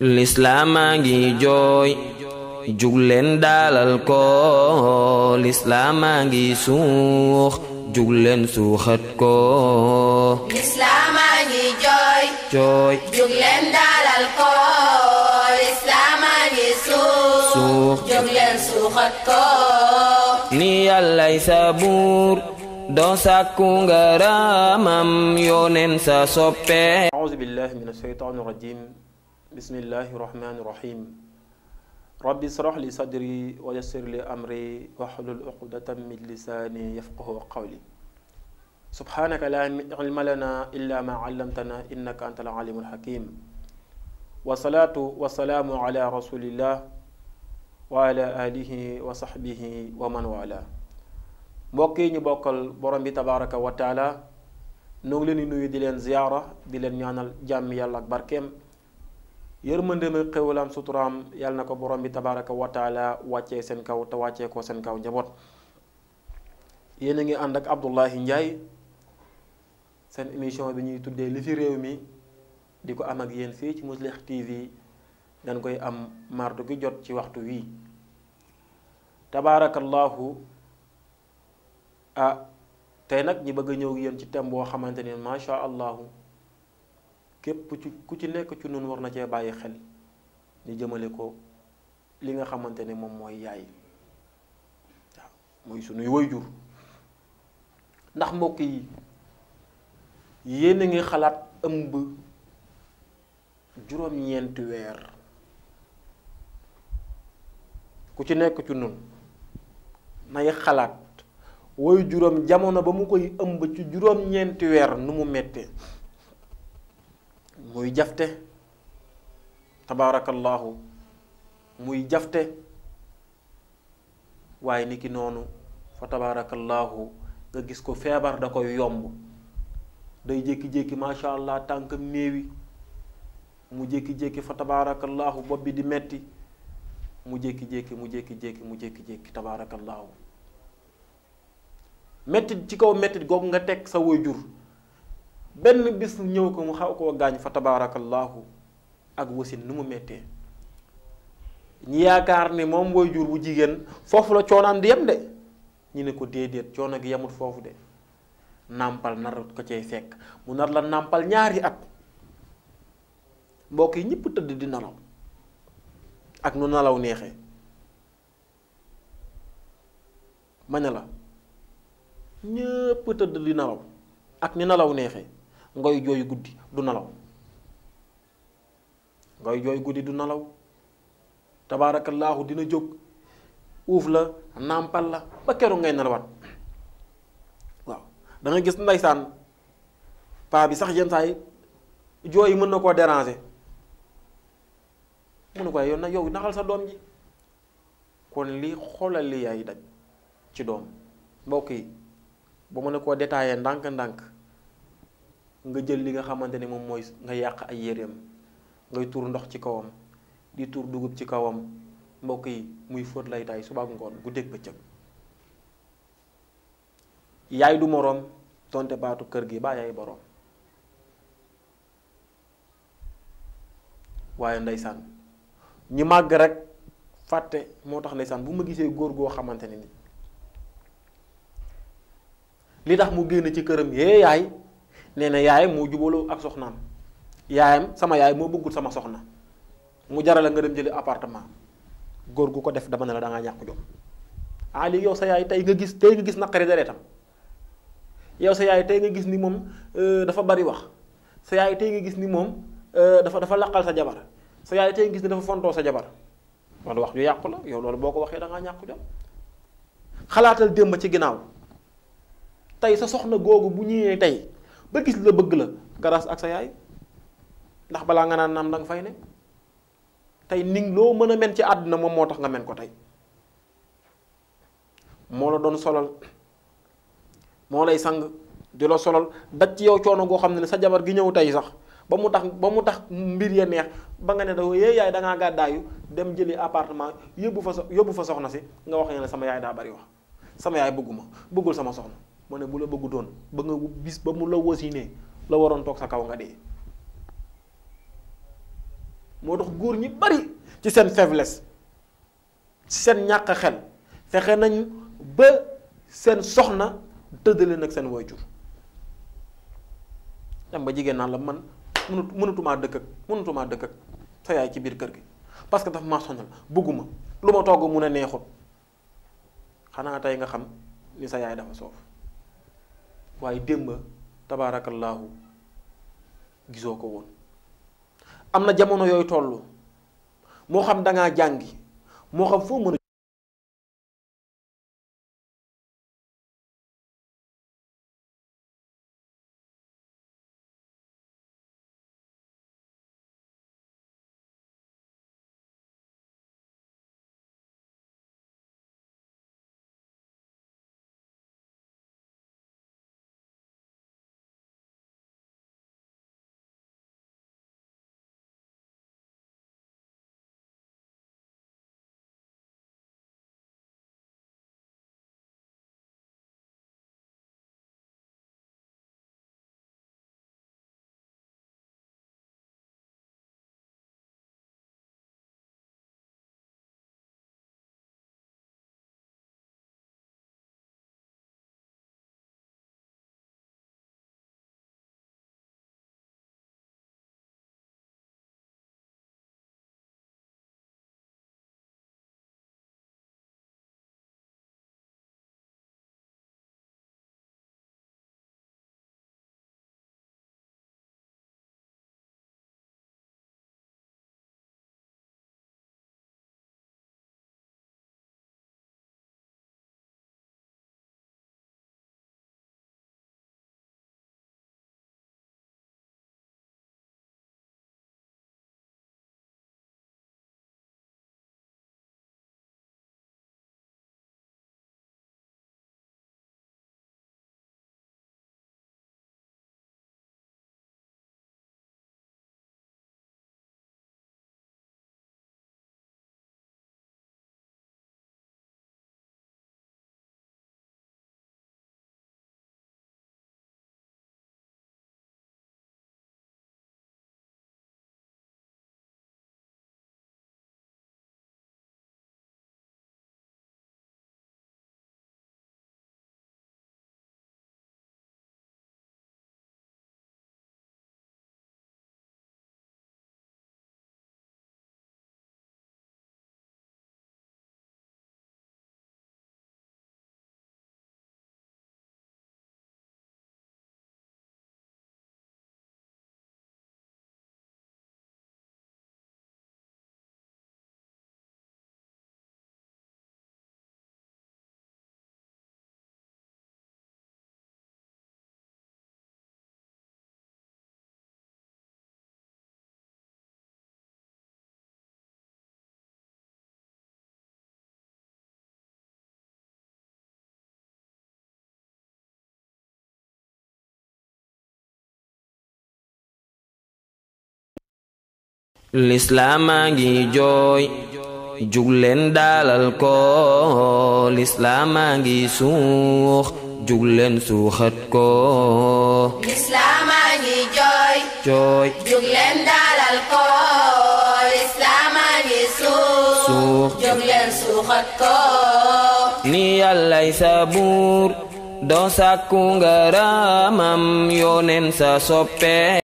lislaamaa ngi jooy jugleen daalal ko ngi suux jugleen suuxat ko ni yàllay sabuur doo nga raamam yooneen sa soppe auzu billahi min ashaytaani rajim bismillahi rahmaani rahim rabbi israh li sadri wa li amri wahlul uqdatan min lisaani yafqahu qawli subhanaka la ilma lana illa ma allamtana innaka anta al alimul hakim wasalaatu wasalaamu ala rasulillah wa ala alihi wa sahbihi wa man wala mbokk yi ñu bokkal borom bi nuyu di ziyaara di leen ñaanal jàmm yërmandeem ak xéwalam suturaam yàlla na ko borom bi tabaraka wa taala wàccee seen kaw te wàccee ko seen kaw njaboot yéen a ngi ànd ak Abdoulaye Ndiaye seen émission bi ñuy tuddee li fi réew mi di ko am ak yéen fii ci Mouslih TV dañ koy am marto gi jot ci waxtu wii tabaarakallaahu ah tey nag ñi bëgg a ñëw yéen ci thème boo xamante ne macha allahu képp ci ku ci nekk ci nun war na cee bàyyi xel ñu jëmale ko li nga xamante ne moom mooy yaay waaw mooy sunuy jur ndax mbokk yi yéen a ngi xalaat ëmb juróom-ñeenti weer ku ci nekk ci nun nay xalaat woy juróom jamono ba mu koy ëmb ci juróom-ñeenti weer nu mu mettee muy jafte tabaarakallaahu muy jafte waaye niki noonu fa tabaarakallaahu nga gis ko feebar da koy yomb day jékki-jékki macha allah tànkam néewi mu jëkki jékki fa tabaarakallaahu bopp bi di metti mu jékki-jékki mu jékki-jékki mu jékki-jékki tabaarakallaahu mettit ci kaw mettit googu nga teg sa waajur benn bis ñëw ko mu xaw koo gaañ fa tabaarakallaahu ak wasin nu mu mettee ñi yaakaar ni moom woy jur bu jigéen foofu la coonaam di yem de ñu ne ko déedéet coono gi yemut foofu de nàmpal nar ko cay fekk mu nar la nàmpal ñaari at mbokk yi ñëpp tëdd di nalaw ak nu nalaw neexee ma ne la ñëpp tëdd di nalaw ak ni nalaw neexee ngay jooyu guddi du nalaw ngay jooy guddi du nalaw tabaarakallaahu dina jóg uuf la nàmpal la ba keroog ngay nalawaat waaw da gis ndaysaan paa bi sax yenn saa yi jooy mën na koo déranger mu ko yow nag yow naxal sa doom ji kon lii xoolal li ay daj ci doom mbokk yi ba mu ne koo détaillé ndànk-ndànk nga jël li nga xamante ni moom mooy nga yàq ay yéreem ngay tuur ndox ci kawam di tuur dugub ci kawam mbokk yi muy fóot lay taay suba ak ngoon guddeeg bëccëg yaay du moroom tonte baatu kër gi baa yaay boroom waaye ndeysaan ñu màgg rek fàtte moo tax ndeysaan bu ma gisee góor goo xamante ni li tax mu génn ci këram yee yaay nee na yaayam moo jubaloo ak soxnaam yaayam sama yaay moo bëggul sama soxna mu jaral nga dem jëli apartement góor gu ko def dama ne la da ngaa ñàkk jom ah léegi yow sa yaay tey nga gis tey nga gis naqari deretam yow sa yaay tey nga gis ni moom euh, dafa bari wax sa yaay tey nga gis ni moom euh, dafa dafa laqal sa jabar sa yaay tey nga gis ni dafa fontoo sa jabar loolu wax ju yàqu la yow loolu boo ko waxee da ngaa ñàkk jom xalaatal démb ci ginnaaw tey sa soxna googu bu ñëwee tey. ba gis la bëgg la grâce ak sa yaay ndax balaa nga naan naan danga fay ne tey ni loo mën a men ci àdduna moom moo tax nga men ko tey moo la doon solal moo lay sang di la solal daj ci yow coono goo xam ne sa jabar gi ñëw tey sax ba mu tax ba mu tax mbir ya neex ba nga ne dafa yee yaay da ngaa gàddaayu dem jëli appartement yóbbu fa so yóbbu fa soxna si nga wax ne sama yaay daa bari wax sama yaay bëgguma bëggul sama soxna. ma ne bu la bëggu doon ba nga bis ba mu la wasinee la waroon toog sa kaw nga dee moo tax góor ñi bari ci seen faiblesse ci seen ñàkk xel fexe nañu ba seen soxna tëddale nag seen waajur dem ba jigéen naan la man mënut mënutumaa dëkk ak mënutumaa dëkk ak sa yaay ci biir kër gi parce que dafa maa soñal bëgguma lu ma togg mun a neexut xanaa tey nga xam ni sa yaay dafa soof waaye démb tabaarakallaahu gisoo ko woon am na jamono yooyu toll moo xam dangaa jàngi moo xam foo mën lislaamaa ngi jooy jugleen daalal ko lislaamaa ngi suux jugleen suuxat ko lislaamaa ngi ni yàllay sa buur doo sàkku yooneen sa soppe